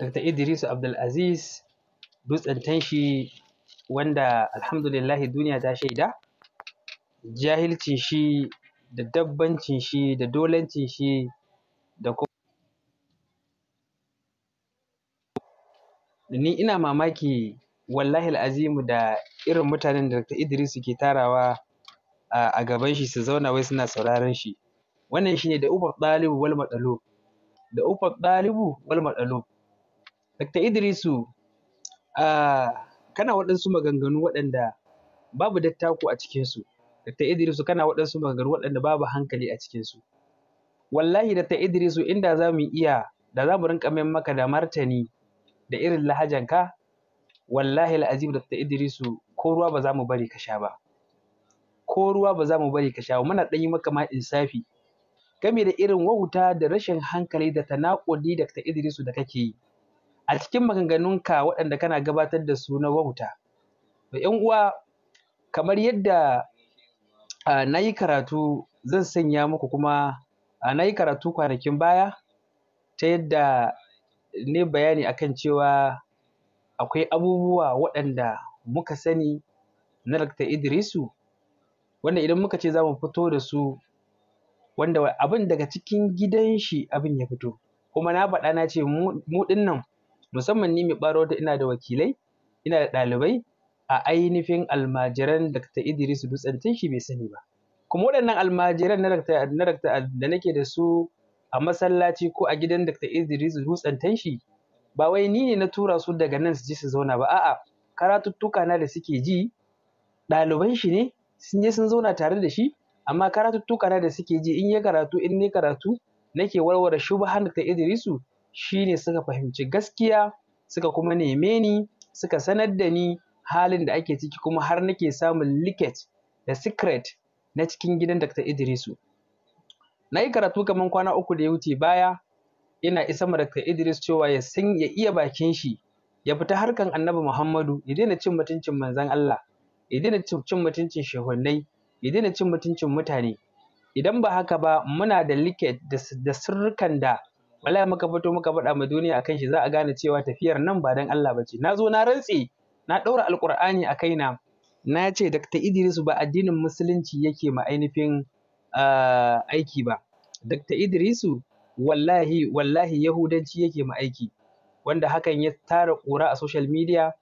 Dr. Idris Abdulaziz dutsen tanshi wanda alhamdulillahi duniya ta shaida jahilcin shi da dabbancin shi da dolancin shi da kuma ni ina mamaki wallahi azimu da irin mutanen da Dr. Idris ke tarawa a gaban shi su zauna wai suna sauraron shi wannan shine da ubar ɗalibu wal da ubar ɗalibu wal Dr. Idrisu, kana waɗansu maganganu waɗanda babu dattako a cikinsu. Dr. Idrisu kana waɗansu maganganu waɗanda babu hankali a cikinsu. Wallahi Dr. Idrisu inda za mu iya da za mu rinƙa mai maka da martani da irin lahajanka wallahi la'azim Dr. Idrisu ko ruwa ba za mu bari ka sha ba. Ko ruwa ba za mu bari ka sha ba muna ɗan yi maka ma insafi game da irin wauta da rashin hankali da tanaƙuli Dr. Idrisu da kake yi. a cikin maganganunka waɗanda kana gabatar da su na wauta to ‘yan uwa kamar yadda na yi karatu zan sanya muku kuma na yi karatu kwanakin baya ta yadda ne bayani akan cewa akwai abubuwa waɗanda muka sani na Dr. Idrisu wanda idan muka ce za mu fito da su wanda abin daga cikin gidan shi abin ya fito kuma na faɗa na ce mu ɗin nan musamman ni mai ɓaro da ina da wakilai ina da ɗalibai a ainihin almajiran Dr. Idris Dutsen tun shi bai sani ba kuma waɗannan almajiran na Dr. da nake da su a masallaci ko a gidan Dr. Idris Dutsen shi ba wai ni ne na tura su daga nan su je su zauna ba a'a karatuttuka na da suke ji ɗaliban shi ne sun je sun zauna tare da shi amma karatuttuka na da suke ji in ya karatu in ne karatu nake warware shubahan Dr. Idrisu Shi ne suka fahimci gaskiya suka kuma neme ni suka sanar da ni halin da ake ciki kuma har nake samun liket da secret na cikin gidan Dr. Idrisu. Na yi karatu kamar kwana uku da ya wuce baya ina isa ma Dr. Idris cewa ya san ya iya bakin shi ya fita harkan Annabi Muhammadu ya daina cin mutuncin manzon Allah ya daina cin mutuncin shehunnai ya daina cin mutuncin mutane idan ba haka ba muna da liket da sirrukan da wallahi muka fito muka faɗa ma duniya akan shi za a gane cewa tafiyar nan ba dan Allah bace na zo na rantse na ɗaura alƙur'ani a kaina na ce Dr. Idris ba addinin musulunci yake ma ainihin ah, aiki ba Dr. Idrisu wallahi wallahi yahudanci yake ma aiki wanda hakan ya tara ƙura a social media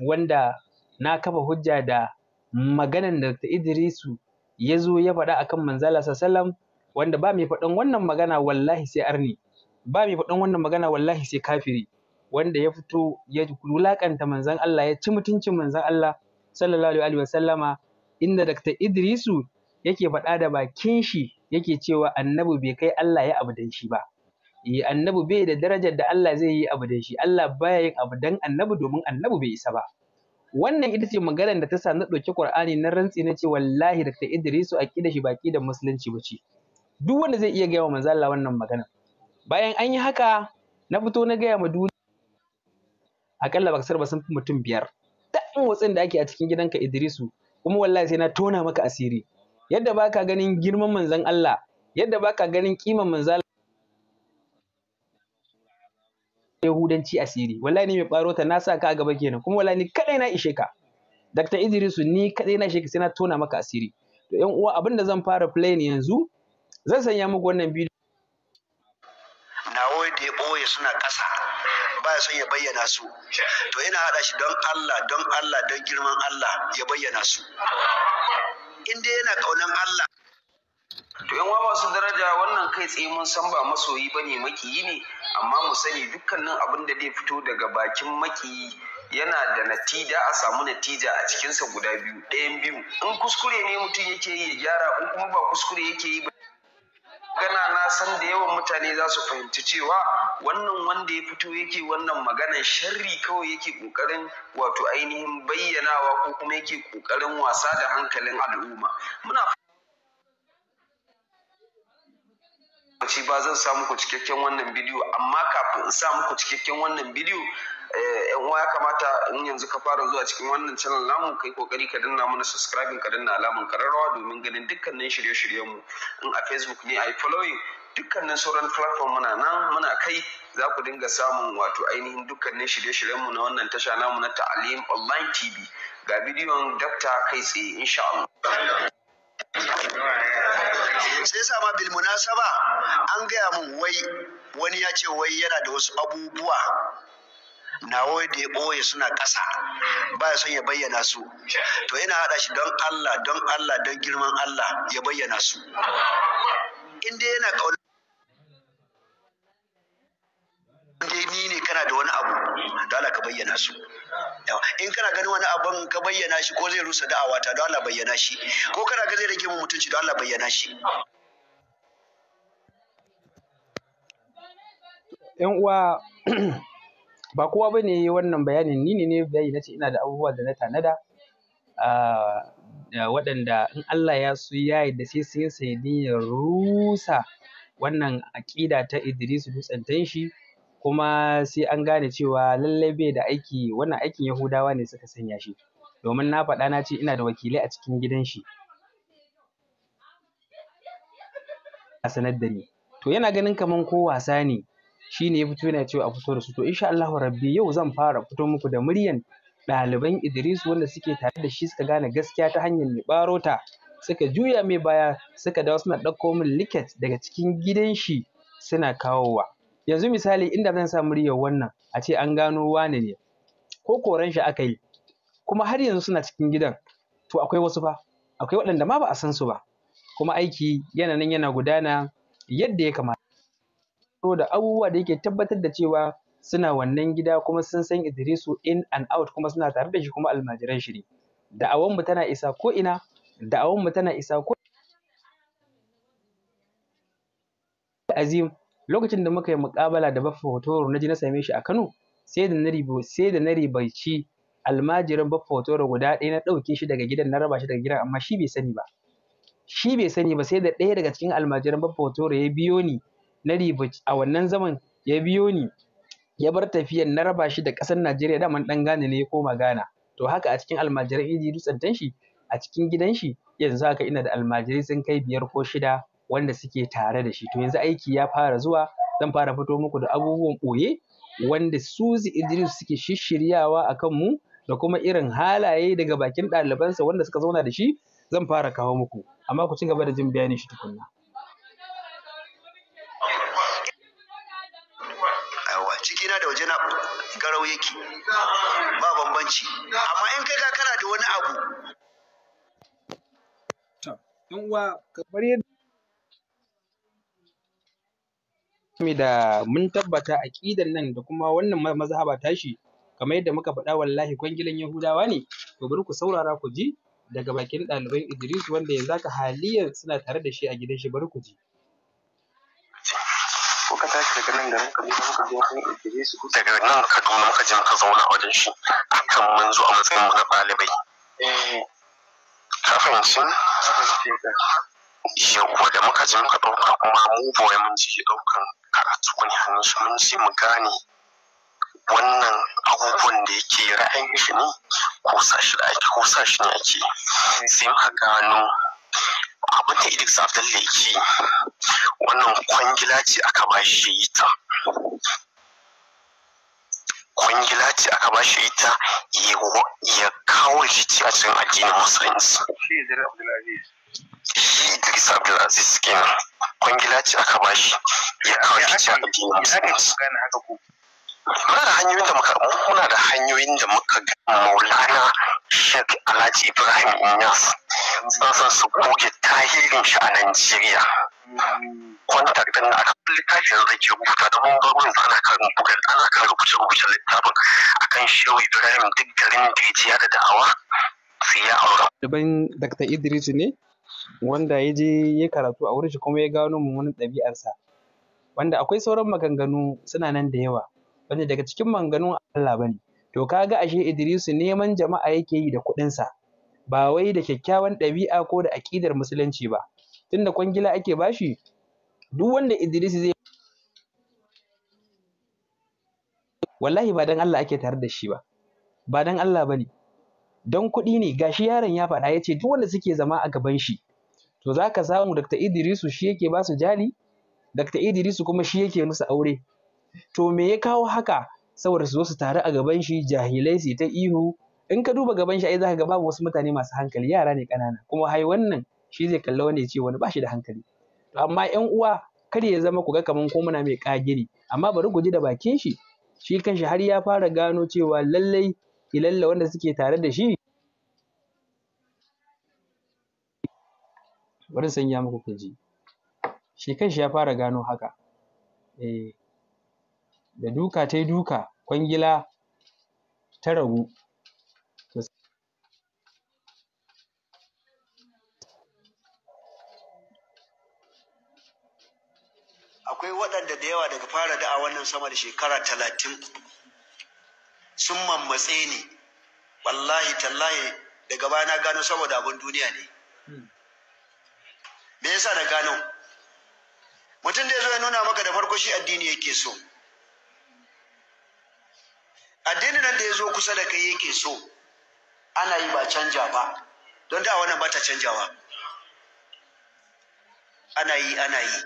wanda na kafa hujja da maganan da Idrisu ya zo ya faɗa akan manzala sallam wanda ba mai faɗin wannan magana wallahi sai arni ba mai faɗin wannan magana wallahi sai kafiri wanda ya fito ya wulakanta manzon Allah ya ci mutuncin manzon Allah sallallahu alaihi wa sallama inda Dr. Idrisu yake faɗa da bakin shi yake cewa annabi bai kai Allah ya abu dan shi ba eh, annabi bai da darajar da Allah zai yi abu dan shi Allah baya yin abu dan annabi domin annabi bai isa ba wannan ita ce maganar da ta sa na ɗauki Qur'ani na rantsi na ce wallahi Dr. Idrisu a kida shi baki da musulunci bace duk wanda zai iya gaya wa Allah wannan magana bayan an yi haka na fito na gaya ma duniya akalla ba kasar ba sun fi mutum biyar da'in watsin da ake a cikin gidanka Idrisu kuma wallahi sai na tona maka asiri yadda baka ganin girman manzon Allah yadda baka ganin kiman manzon Yahudanci asiri wallahi ni mai baro ta na sa ka a gaba kenan kuma wallahi ni kadai na ishe ka Dr. Idrisu ni kadai na ishe ka sai na tona maka asiri to yan uwa abinda zan fara play yanzu zan sanya muku wannan bidiyo ya boye suna ƙasa ya son ya bayyana su to ina haɗa shi don Allah don Allah don girman Allah ya bayyana su in dai yana ƙaunan Allah to yan masu daraja wannan kai tsaye mun san ba masoyi bane makiyi ne amma mu sani dukkanin abin da zai fito daga bakin makiyi yana da natija a samu natija a cikinsa guda biyu ɗayan biyu in kuskure ne mutum yake yi ya gyara in kuma ba kuskure yake yi ba gana na san da yawan mutane za su fahimci cewa wannan wanda ya fito yake wannan maganan sharri kawai yake kokarin wato ainihin bayyanawa ko kuma yake kokarin wasa da hankalin al'umma muna ba zan sa muku cikakken wannan bidiyo amma kafin in sa muku cikakken wannan bidiyo Eh, yan uwa ya kamata in yanzu ka fara zuwa cikin wannan channel namu kai kokari ka danna mana subscribing ka danna alamun kararrawa domin ganin dukkanin shirye-shiryen mu in a Facebook ne ai following dukkanin sauran platform muna nan muna kai za ku dinga samun wato ainihin dukkanin shirye-shiryen mu na wannan tasha namu na Ta'alim Online TV ga bidiyon dakta kai tsaye insha Allah sai sa ma bil munasaba an gaya mun wai wani ya ce wai yana da wasu abubuwa nawoyi da ya ɓoye suna ƙasa ba ya son ya bayyana su to yana haɗa shi don Allah don Allah don girman Allah ya bayyana su in dai yana ƙaunar dai ni ne kana da wani abu da Allah ka bayyana su in kana ganin wani abin ka bayyana shi ko zai rusa da'awa ta don Allah bayyana shi ko kana ga zai rage mu mutunci don Allah bayyana shi yan uwa ba kowa ba ne wannan bayanin ni ne ne bayani na ce ina da abubuwa da na tanada waɗanda in Allah ya su ya da sai sai sai ya rusa wannan aƙida ta Idris dutsen tanshi kuma sai an gane cewa lallai bai da aiki wannan aikin Yahudawa ne suka sanya shi domin na faɗa na ce ina da wakilai a cikin gidan shi a sanar da ni to yana ganin kaman ko wasa ne shine ya fito yana cewa a fito da su to insha Allah rabbi yau zan fara fito muku da muryan ɗaliban Idris wanda suke tare da shi suka gane gaskiya ta hanyar mai barota suka juya mai baya suka dawo suna ɗauko min liket daga cikin gidan shi suna kawowa yanzu misali inda zan sa muryar wannan a ce an gano wane ne ko koran shi aka yi kuma har yanzu suna cikin gidan to akwai wasu fa akwai waɗanda ma ba a san su ba kuma aiki yana nan yana gudana yadda ya kamata da abubuwa da yake tabbatar da cewa suna wannan gida kuma sun san Idrisu in and out kuma suna tare da shi kuma almajiran shi ne tana isa ko ina da'awan mu tana isa ko azim lokacin da muka yi muƙabala da baffa hotoro na ji na same shi a Kano sai da na ribo sai da na ribaici almajirin baffa hotoro guda ɗaya na ɗauke shi daga gidan na raba shi daga gidan amma shi bai sani ba shi bai sani ba sai da ɗaya daga cikin almajiran baffa hotoro ya biyo ni na riba a wannan zaman ya biyo ni ya bar tafiyar na raba shi da ƙasar Najeriya Da daman ɗan Ghana ne ya koma Ghana to haka a cikin almajiran Idi Dutsen shi a cikin gidan shi yanzu haka ina da almajirai sun kai biyar ko shida wanda suke tare da shi to yanzu aiki ya fara zuwa zan fara fito muku da abubuwan ɓoye wanda su Idris suke shishiryawa a mu da kuma irin halaye daga bakin ɗalibansa wanda suka zauna da shi zan fara kawo muku amma ku ci gaba da jin bayanin shi tukunna. waje na garau yake ba bambanci amma in kai ka kana da wani abu yan uwa kamar yadda da mun tabbata ƙidan nan da kuma wannan mazhaba tashi kamar yadda muka faɗa wallahi kwangilan Yahudawa ne to bari ku saurara ku ji daga bakin ɗaliban Idris wanda yanzu haka haliyar suna tare da shi a gidan shi bari ku ji tashi daga nan garin kaduna muka je an ɗauke su daga nan kaduna muka je muka zauna a wajen shi akan mun zo a matsayin mu na ɗalibai eh. ka fahimci yawwa da muka je muka ɗauka kuma mu boye mun je ɗaukan karatu ne hannun shi mun ji mu gane wannan abubuwan da yake ra'ayin shi ne ko sa shi da ake ko sa shi ne ake eh. sai muka gano abin da idris abdalla yake wannan kwangila ce aka ba shi yi ta kwangila ce aka ba shi ita ya kawo shi rikici a cikin addinin musulunci shi idris abdulaziz kenan kwangila ce aka ba shi ya kawo shi rikici a addinin musulunci muna da hanyoyin da muka muna da hanyoyin da muka ga maulana shek alhaji ibrahim inyas sun su goge tahirin shi a najeriya kwantar din a kan littafin da ke rubuta da mun babu ana kan bugan ana kan rubuce rubuce littafin akan shehu ibrahim duk garin da ya da da'awa sai ya aura. daban dr idris ne wanda ya je ya karatu a wurin shi kuma ya gano mummunan ɗabi'arsa wanda akwai sauran maganganu suna nan da yawa wanda daga cikin manganun Allah bane to kaga ashe Idrisu neman jama'a yake yi da kuɗinsa ba wai da kyakkyawan ɗabi'a ko da aƙidar musulunci ba tunda kwangila ake bashi duk wanda Idris zai wallahi ba dan Allah ake tare da shi ba ba dan Allah bane dan kuɗi ne gashi yaron ya faɗa ya ce duk wanda suke zama a gaban shi to zaka samu Dr. Idrisu shi yake ba su jali Dr. Idrisu kuma shi yake musu aure to me ya kawo haka saboda su zo su taru a gaban shi jahilai su ta ihu in ka duba gaban shi ai ka ga babu wasu mutane masu hankali yara ne ƙanana kuma hai wannan shi zai kalla wani ya ce wani ba shi da hankali to amma ƴan uwa kar ya zama ku ga kaman ko muna mai ƙagiri amma bari guji ji da bakin shi shi kanshi har ya fara gano cewa lallai ilalla wanda suke tare da shi bari sanya muku kaji. shi ya fara gano haka eh da duka ta yi duka kwangila ta ragu akwai waɗanda da yawa daga fara da'a wannan sama da shekara talatin sun mammatse ni wallahi tallahi daga baya na gano saboda abin duniya ne hmm. me yasa da gano mutum da ya zo ya nuna maka da farko shi addini yake so Addini nan da ya zo kusa da kai yake so ana yi ba canja ba don da wannan ba ta canjawa ana yi ana yi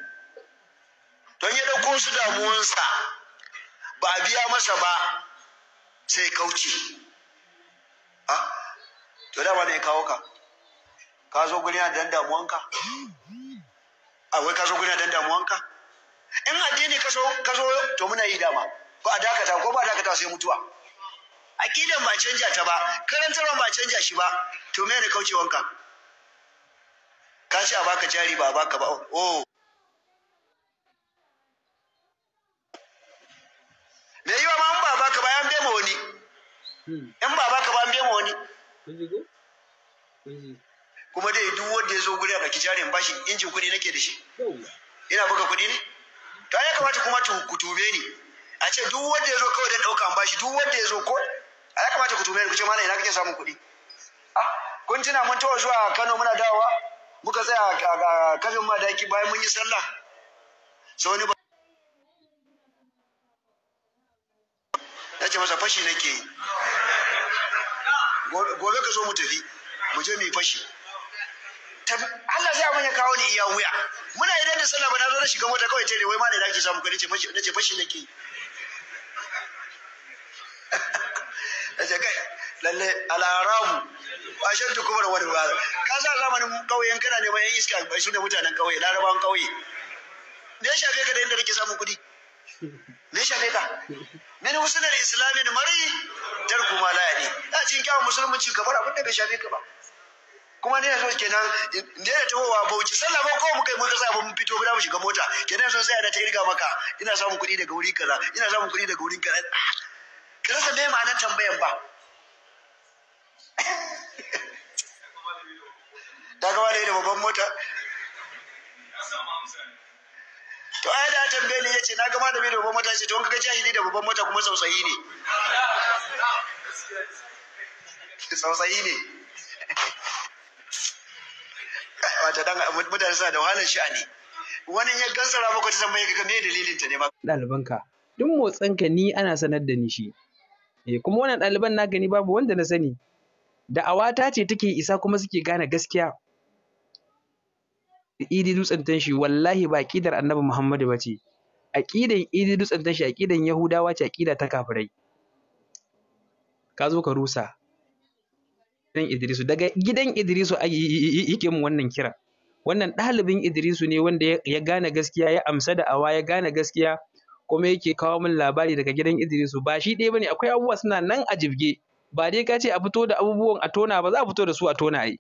don ya ɗauko su damuwansa ba a biya masa ba sai kauce ha to da ne kawo ka ka zo guri na dan damuwanka a ah, wai ka zo guri na dan damuwanka in addini ka zo to muna yi dama ba a dakata ko ba a dakata sai mutuwa aqidan ba canja ta ba karantarwa ba canja shi ba to me ne wanka. ka ce a baka jari ba a baka ba oh me yiwa ma an ba baka ba an ma wani hmm. in ba baka ba an ma wani kuma dai duk wanda ya zo guri a jari jarin bashi injin kuɗi nake da shi ina buga kuɗi ne to ya kamata kuma ku tube ni a ce duk wanda ya zo kawai dan ɗauka an bashi duk wanda ya zo ko a ya kamata ku tume ku ce mana ina kake samun kuɗi ah, kun tuna mun tawo zuwa Kano muna dawowa muka tsaya a kafin madaki bayan mun yi sallah sai wani ce masa fashi nake yi gobe ka zo mu tafi mu je mu yi fashi Allah zai amma ya kawo ni iya wuya muna idan da sallah ba na zo na shiga mota kawai ce ne wai ma ne da ake samu kuɗi ce fashi nake yi na ce kai lalle alaramu a shan tukumar wani ba ka sa zamanin ƙauyen kana neman yan iska ba su ne mutanen ƙauye larabawan ƙauye me ya kai ka da inda nake samun kuɗi me ya kai ka min islami ne mari tarku ma la yani a cikin kyawun musulunci kamar abin da bai shafe ka ba kuma ne so kenan in da wa bauchi sallah ba ko mu kai mun kasa ba mun fito ba mu shiga mota kenan sun sai ana ta irga maka ina samun kuɗi daga wuri kaza ina samun kuɗi daga wurin kaza ka rasa me ma'anar tambayar ba ta gaba da babban mota to ai da tambaye ne yace na gama da bai da babban mota ce to kaga jahili da babban mota kuma sausayi ne sausayi ne wata dan mutane suna da wahalar sha'ani wani ya gansara maka ta tambaye ka me dalilin ta ne ma dalibanka duk motsanka ni ana sanar da ni shi eh kuma wannan ɗaliban na gani babu wanda na sani da'awa ta ce take isa kuma suke gane gaskiya idi dutsen shi wallahi ba aqidar annabi muhammadu ba ce aqidan idi dutsen shi aqidan yahudawa ce aqida ta kafirai ka zo ka rusa gidan idrisu daga gidan idrisu yake mu wannan kira wannan ɗalibin idrisu ne wanda ya gane gaskiya ya amsa da'awa ya gane gaskiya kuma yake kawo min labari daga gidan Idrisu ba shi ɗaya bane akwai abubuwa suna nan a jibge ba dai ka ce a fito da abubuwan a tona ba za a fito da su a tona ai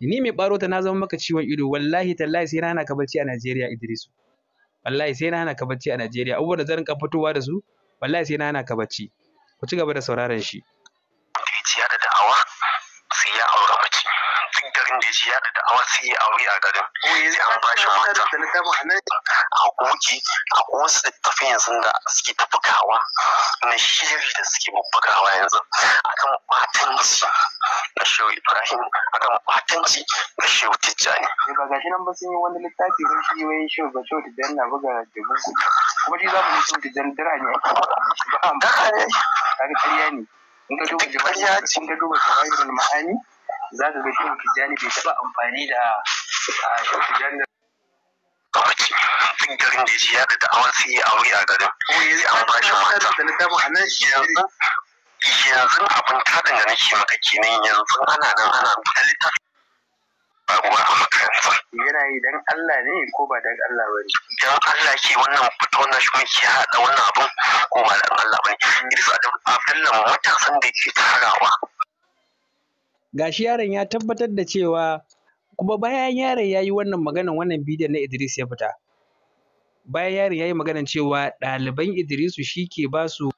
ni mai baro ta na zama maka ciwon ido wallahi tallahi sai na hana ka bacci a Najeriya Idrisu wallahi sai na hana ka bacci a Najeriya abubuwan da zan ka fitowa da su wallahi sai na hana ka bacci ku ci gaba da sauraron shi lokacin da ya da awa sai ya aure a garin sai an ba shi mata hakoki a wasu tafi yanzu da suke tafukawa na shiri da suke bubbugawa yanzu akan batanci na shehu ibrahim akan batanci na shehu tijjani. ba ga shi nan ba sun yi wani littafi don shi wai shehu ga shehu tijjani na buga jibin kuma shi za mu yi shehu tijjani dara ne ake buga shi ba a ƙarya ne in ka za ka ga shehu tijjani bai taɓa amfani da shehu tijjani da garin da ji ya da da'awar sun yi aure a garin an ba shi mata yanzu abin ta dangane shi maka kenan yanzu ana nan ana buɗe littafi ba ruwa a makaranta yana yi dan Allah ne ko ba dan Allah ba ne dan Allah ke wannan fito na shi ke haɗa wannan abin ko ba dan Allah ba ne mm. Idris Abdullahi matasan da ke tarawa gashi yaron ya tabbatar da cewa kuma bayan yaron ya yi wannan maganan wannan bidiyon na Idris ya fita bayan yaron ya yi maganan cewa ɗaliban Idrisu shi ke ba su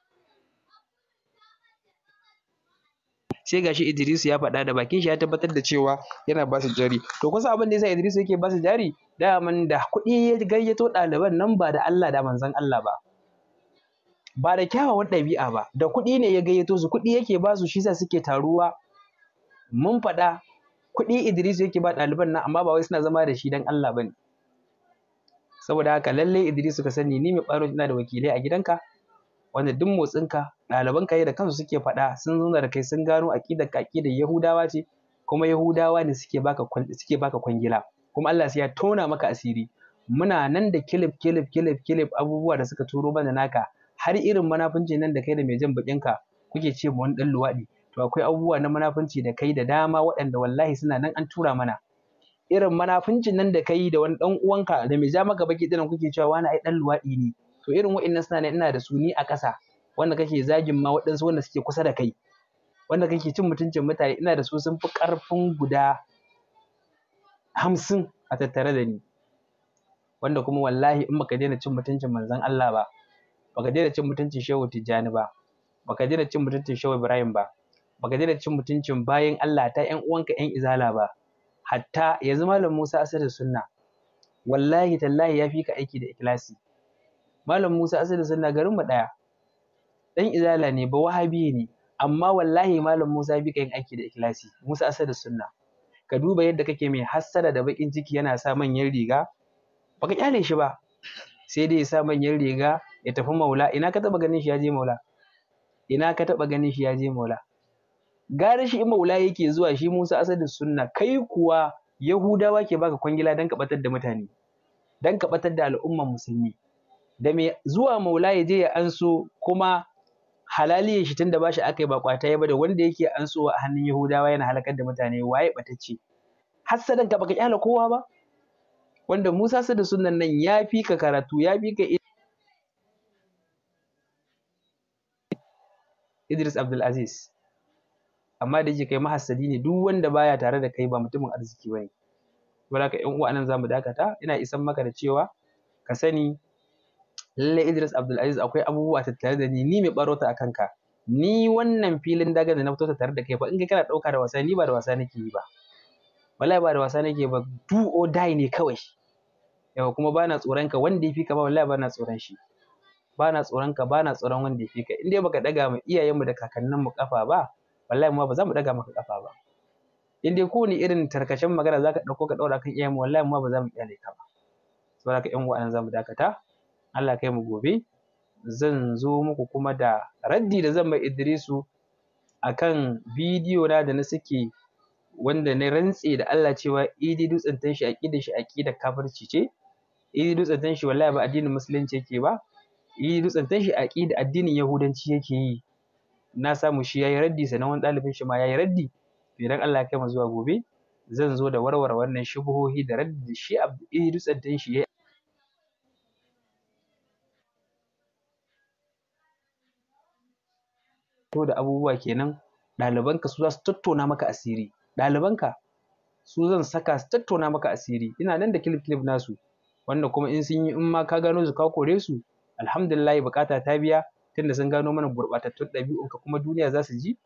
sai gashi Idrisu ya faɗa da bakin shi ya tabbatar da cewa yana ba su jari to kusa abin da yasa Idrisu yake ba su jari daman da kuɗi ya gayyato ɗaliban nan ba da Allah da manzon Allah ba ba da kyawawan ɗabi'a ba da kuɗi ne ya gayyato su kuɗi yake ba su shi sa suke taruwa mun faɗa kuɗi Idris yake ba ɗaliban nan amma ba wai suna zama da shi dan Allah bane saboda haka lalle Idris ka sani ni mai ɓaro ina da wakilai a gidanka wanda duk motsinka ɗaliban ka da kansu suke faɗa sun zo da kai sun gano aƙidar ka Yahudawa ce kuma Yahudawa ne suke baka suke baka kwangila kuma Allah sai ya tona maka asiri muna nan da kilif kilif kilif kilif abubuwa da suka turo mana naka har irin manafinci nan da kai da mai jan bakin ka kuke ce mu wani dan luwaɗi to akwai abubuwa na munafunci da kai da dama waɗanda wallahi suna nan an tura mana irin munafuncin nan da kai da wani dan uwanka da mai ja maka baki dinan kuke cewa wani ai dan luwaɗi ne to irin wa'annan suna ne ina da su ni a ƙasa wanda kake zagin ma waɗansu wanda suke kusa da kai wanda kake cin mutuncin mutane ina da su sun fi ƙarfin guda hamsin a tattare da ni wanda kuma wallahi in baka daina cin mutuncin manzon Allah ba baka daina cin mutuncin Shehu Tijani ba baka daina cin mutuncin Shehu Ibrahim ba ba daina cin mutuncin bayan Allah ta ƴan uwanka ƴan izala ba hatta yanzu malam Musa Asadu Sunna wallahi tallahi ya fi ka aiki da ikilasi malam Musa Asadu Sunna garin mu ɗaya ɗan izala ne ba wahabi ne amma wallahi malam Musa bi ka yin aiki da ikilasi Musa Asadu Sunna ka duba yadda kake mai hassada da baƙin ciki yana sa manyan riga Ba ka kyale shi ba sai dai ya sa manyan riga ya tafi maula ina ka taɓa ganin shi ya je maula ina ka taɓa ganin shi ya je maula gara shi in maula yake zuwa shi Musa Asadu Sunna kai kuwa Yahudawa ke baka kwangila dan kabatar da mutane dan ka da al'umman musulmi da mai zuwa maula ya je ya anso kuma halali shi tunda bashi aka bakwata ya bada wanda yake anso a hannun Yahudawa yana halakar da mutane waye batacce hassadan ka baka kyala kowa ba wanda Musa Asadu Sunnan nan ya fi ka karatu ya fi ka Idris Abdulaziz amma da yake kai mahassadi ne duk wanda baya tare da kai ba mutumin arziki bane saboda haka ƴan uwa nan zamu dakata ina isan maka da cewa ka sani lallai Idris Abdul Aziz akwai abubuwa tattare da ni ni mai barota a kanka ni wannan filin daga da na fito tare da kai ba in kai kana ɗauka da wasa ni ba da wasa nake yi ba wallahi ba da wasa nake ba do or die ne kawai yawa kuma bana tsoron ka wanda ya fi ka ba wallahi bana tsoron shi bana tsoron ka bana tsoron wanda ya fi ka in dai baka daga mu iyayenmu da kakanninmu kafa ba wallahi ma ba za mu daga maka kafa ba in dai kowane irin tarkacen magana zaka dauko ka daura kan iyayen mu wallahi mu ba za mu iyale ka ba saboda ka yan uwa nan za mu dakata Allah kai mu gobe zan zo muku kuma da raddi da zan mai Idrisu akan bidiyo na da na suke wanda na rantse da Allah cewa idi dutsen tanshi aqida shi aqida kafirci ce idi dutsen tanshi wallahi ba addinin musulunci yake ba idi dutsen tanshi aqida addinin yahudanci yake yi na samu shi ya yi raddi sannan wani ɗalibin shi ma yayi raddi to idan Allah ya kai zuwa gobe zan zo da warware wannan shubuhohi da raddi da shi a Tsaddan shi to da abubuwa kenan ɗalibanka su za su tattauna maka asiri ɗalibanka su zan saka su tattauna maka asiri ina nan da kilif clip nasu wanda kuma in sun yi in ma ka gano su ka kore su alhamdulillah bukata ta biya tunda sun gano mana gurɓatattun ɗabi'unka kuma duniya za su ji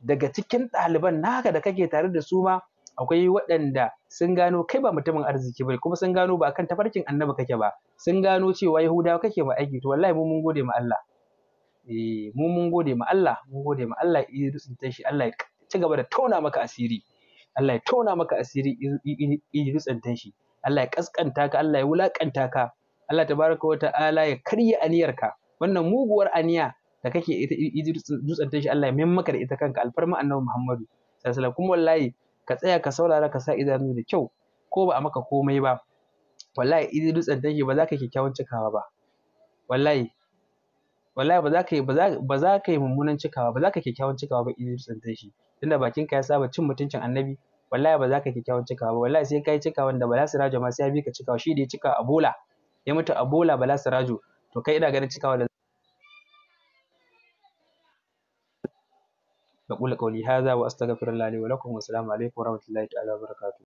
daga cikin ɗaliban naka da kake tare da su ma akwai waɗanda sun gano kai ba mutumin arziki ba kuma sun gano ba kan tafarkin annabi kake ba sun gano cewa yahudawa kake ma aiki to wallahi mu mun gode ma Allah eh mu mun gode ma Allah mun gode ma Allah Idris ta shi Allah ya ci gaba da tona maka asiri Allah ya tona maka asiri Idris ta shi Allah ya kaskanta ka Allah ya wulakanta ka Allah tabaraka wa ta'ala ya karya aniyarka wannan muguwar aniya da kake ita dutsen shi Allah ya mayar maka da ita kanka alfarma annabi Muhammadu sallallahu kuma wallahi ka tsaya ka saurara ka sa idanu da kyau ko ba a maka komai ba wallahi idan dutsen shi ba za ka kyakkyawan cikawa ba wallahi wallahi ba za ka yi ba za ka yi mummunan cikawa ba za ka kyakkyawan cikawa ba idan dutsen shi tunda bakin ka ya saba cin mutuncin annabi wallahi ba za ka kyakkyawan cikawa ba wallahi sai ka yi cikawan da bala sirajo ma sai ya bi ka cikawa shi da ya cika abola ya mutu a bola bala sirajo to kai ina ganin cikawa da أقول قولي هذا وأستغفر الله لي ولكم والسلام عليكم ورحمة الله تعالى وبركاته